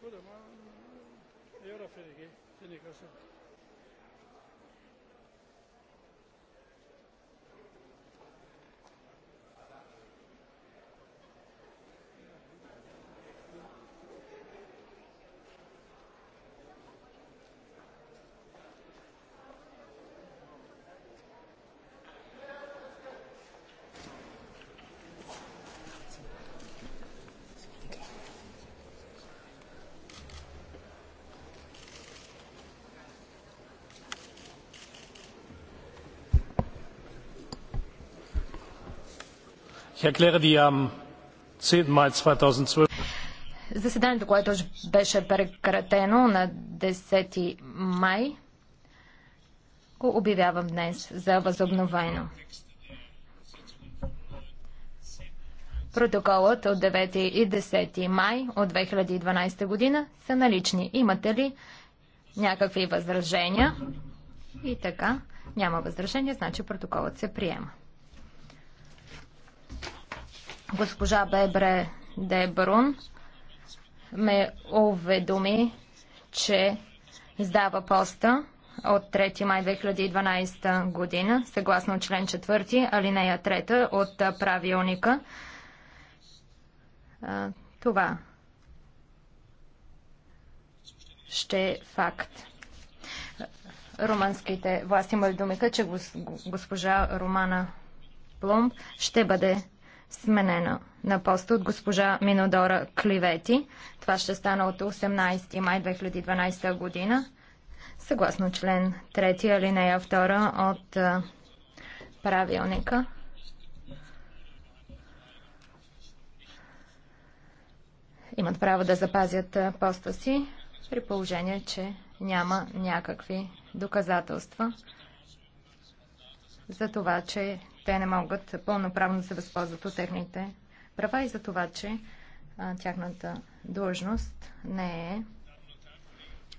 Шкода, ма еврофилики, финикасы. Заседанието, което беше прекратено на 10 май, го обявявам днес за възобновено. Протоколът от 9 и 10 май от 2012 година са налични. Имате ли някакви възражения? И така, няма възражения, значи протоколът се приема. Госпожа Бебре Дебрун ме уведоми, че издава поста от 3 май 2012 година, съгласно член 4, алинея 3 от правилника. Това ще е факт. Руманските власти ме уведомиха, че госпожа Романа Пломб ще бъде сменена на поста от госпожа Минодора Кливети. Това ще стане от 18 май 2012 година, съгласно член 3 алинея 2 от правилника. Имат право да запазят поста си при положение, че няма някакви доказателства за това, че те не могат пълноправно да се възползват от техните права и за това, че тяхната длъжност не е